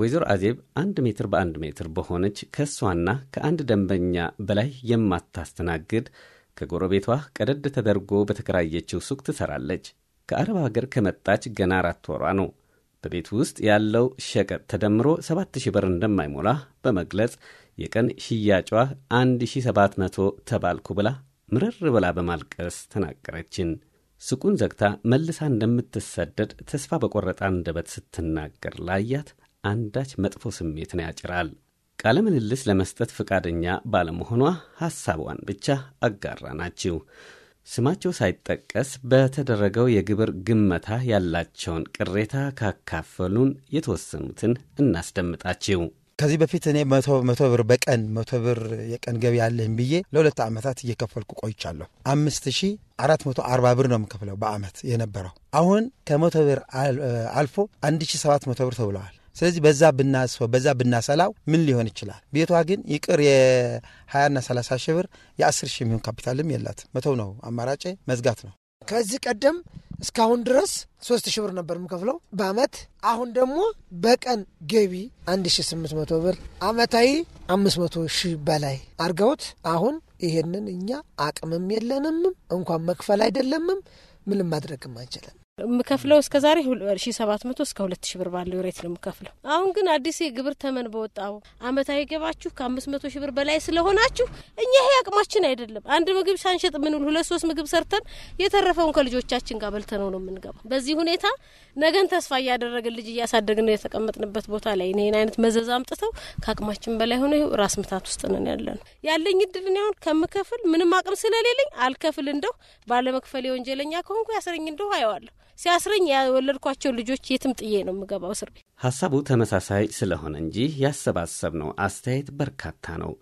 ወይዘሮ አዜብ አንድ ሜትር በአንድ ሜትር በሆነች ከእሷና ከአንድ ደንበኛ በላይ የማታስተናግድ ከጎረቤቷ ቀደድ ተደርጎ በተከራየችው ሱቅ ትሰራለች። ከአረብ ሀገር ከመጣች ገና አራት ወሯ ነው። በቤት ውስጥ ያለው ሸቀጥ ተደምሮ 7000 ብር እንደማይሞላ በመግለጽ የቀን ሽያጯ 1700 ተባልኩ ብላ ምርር ብላ በማልቀስ ተናገረችን። ሱቁን ዘግታ መልሳ እንደምትሰደድ ተስፋ በቆረጠ አንደበት ስትናገር ላያት አንዳች መጥፎ ስሜትን ያጭራል። ቃለ ምልልስ ለመስጠት ፈቃደኛ ባለመሆኗ ሐሳቧን ብቻ አጋራ ናችው። ስማቸው ሳይጠቀስ በተደረገው የግብር ግመታ ያላቸውን ቅሬታ ካካፈሉን የተወሰኑትን እናስደምጣችው። ከዚህ በፊት እኔ መቶ ብር በቀን መቶ ብር የቀን ገቢ ያለኝ ብዬ ለሁለት ዓመታት እየከፈልኩ ቆይቻለሁ። አምስት ሺ አራት መቶ አርባ ብር ነው የምከፍለው በአመት የነበረው። አሁን ከመቶ ብር አልፎ አንድ ሺ ሰባት መቶ ብር ተብለዋል። ስለዚህ በዛ ብናስፈው በዛ ብናሰላው ምን ሊሆን ይችላል? ቤቷ ግን ይቅር የ20ና 30 ሺህ ብር የ10 ሺህ የሚሆን ካፒታልም የላት መተው ነው አማራጭ መዝጋት ነው። ከዚህ ቀደም እስካሁን ድረስ ሶስት ሺህ ብር ነበር የምከፍለው በአመት። አሁን ደግሞ በቀን ገቢ መቶ ብር አመታዊ መቶ ሺህ በላይ አድርገውት አሁን ይሄንን እኛ አቅምም የለንም እንኳን መክፈል አይደለምም ምንም ማድረግም አንችልም። የምከፍለው እስከ ዛሬ ሺ ሰባት መቶ እስከ ሁለት ሺ ብር ባለው ሬት ነው የምከፍለው። አሁን ግን አዲስ የግብር ተመን በወጣው አመታዊ ገባችሁ ከአምስት መቶ ሺ ብር በላይ ስለሆናችሁ እኛ ይሄ አቅማችን አይደለም። አንድ ምግብ ሳንሸጥ ምንውል ሁለት ሶስት ምግብ ሰርተን የተረፈውን ከልጆቻችን ጋር በልተነው ነው የምንገባው። በዚህ ሁኔታ ነገን ተስፋ እያደረግን ልጅ እያሳደግን ነው የተቀመጥንበት ቦታ ላይ ይህን አይነት መዘዝ አምጥተው ከአቅማችን በላይ ሆነ ራስ ምታት ውስጥ ነን ያለ ነው ያለኝ እድልን ያሁን ከምከፍል ምንም አቅም ስለሌለኝ አልከፍል እንደው ባለመክፈል የወንጀለኛ ከሆንኩ ያስረኝ እንደው አየዋለሁ ሲያስረኝ የወለድኳቸው ልጆች የትም ጥዬ ነው የምገባው እስር ቤት። ሀሳቡ ተመሳሳይ ስለሆነ እንጂ ያሰባሰብ ነው አስተያየት በርካታ ነው።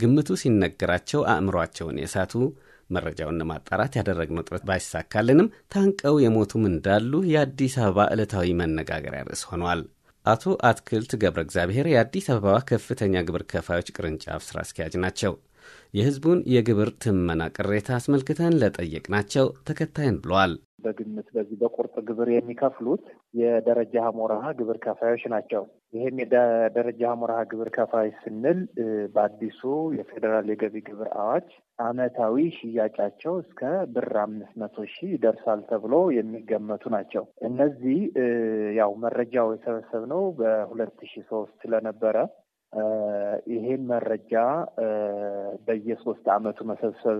ግምቱ ሲነገራቸው አእምሯቸውን የሳቱ መረጃውን ለማጣራት ያደረግነው ጥረት ባይሳካልንም ታንቀው የሞቱም እንዳሉ የአዲስ አበባ ዕለታዊ መነጋገሪያ ርዕስ ሆኗል። አቶ አትክልት ገብረ እግዚአብሔር የአዲስ አበባ ከፍተኛ ግብር ከፋዮች ቅርንጫፍ ስራ አስኪያጅ ናቸው። የህዝቡን የግብር ትመና ቅሬታ አስመልክተን ለጠየቅናቸው ተከታይን ብለዋል። በግምት በዚህ በቁርጥ ግብር የሚከፍሉት የደረጃ ሀሞራሃ ግብር ከፋዮች ናቸው። ይህም የደረጃ ሀሞራሃ ግብር ከፋይ ስንል በአዲሱ የፌዴራል የገቢ ግብር አዋጅ አመታዊ ሽያጫቸው እስከ ብር አምስት መቶ ሺህ ይደርሳል ተብሎ የሚገመቱ ናቸው። እነዚህ ያው መረጃው የሰበሰብነው በሁለት ሺህ ሶስት ስለነበረ ይሄን መረጃ በየሶስት አመቱ መሰብሰብ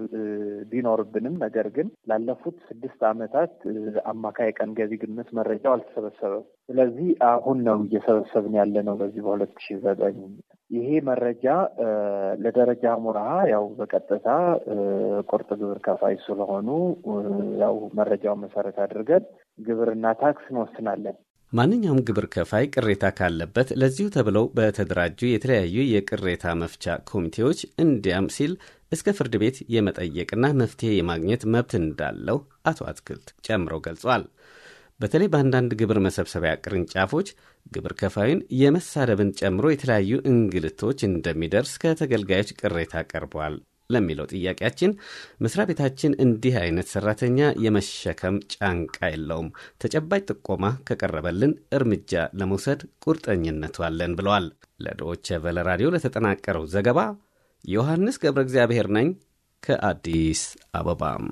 ቢኖርብንም ነገር ግን ላለፉት ስድስት አመታት አማካይ ቀን ገቢ ግምት መረጃው አልተሰበሰበም። ስለዚህ አሁን ነው እየሰበሰብን ያለ ነው በዚህ በሁለት ሺ ዘጠኝ ይሄ መረጃ ለደረጃ ሙራ ያው በቀጥታ ቁርጥ ግብር ከፋይ ስለሆኑ ያው መረጃውን መሰረት አድርገን ግብርና ታክስ እንወስናለን። ማንኛውም ግብር ከፋይ ቅሬታ ካለበት ለዚሁ ተብለው በተደራጁ የተለያዩ የቅሬታ መፍቻ ኮሚቴዎች እንዲያም ሲል እስከ ፍርድ ቤት የመጠየቅና መፍትሄ የማግኘት መብት እንዳለው አቶ አትክልት ጨምረው ገልጿል። በተለይ በአንዳንድ ግብር መሰብሰቢያ ቅርንጫፎች ግብር ከፋዩን የመሳደብን ጨምሮ የተለያዩ እንግልቶች እንደሚደርስ ከተገልጋዮች ቅሬታ ቀርቧል ለሚለው ጥያቄያችን መስሪያ ቤታችን እንዲህ አይነት ሰራተኛ የመሸከም ጫንቃ የለውም፣ ተጨባጭ ጥቆማ ከቀረበልን እርምጃ ለመውሰድ ቁርጠኝነቱ አለን ብለዋል። ለዶች ቬለ ራዲዮ ለተጠናቀረው ዘገባ ዮሐንስ ገብረ እግዚአብሔር ነኝ ከአዲስ አበባም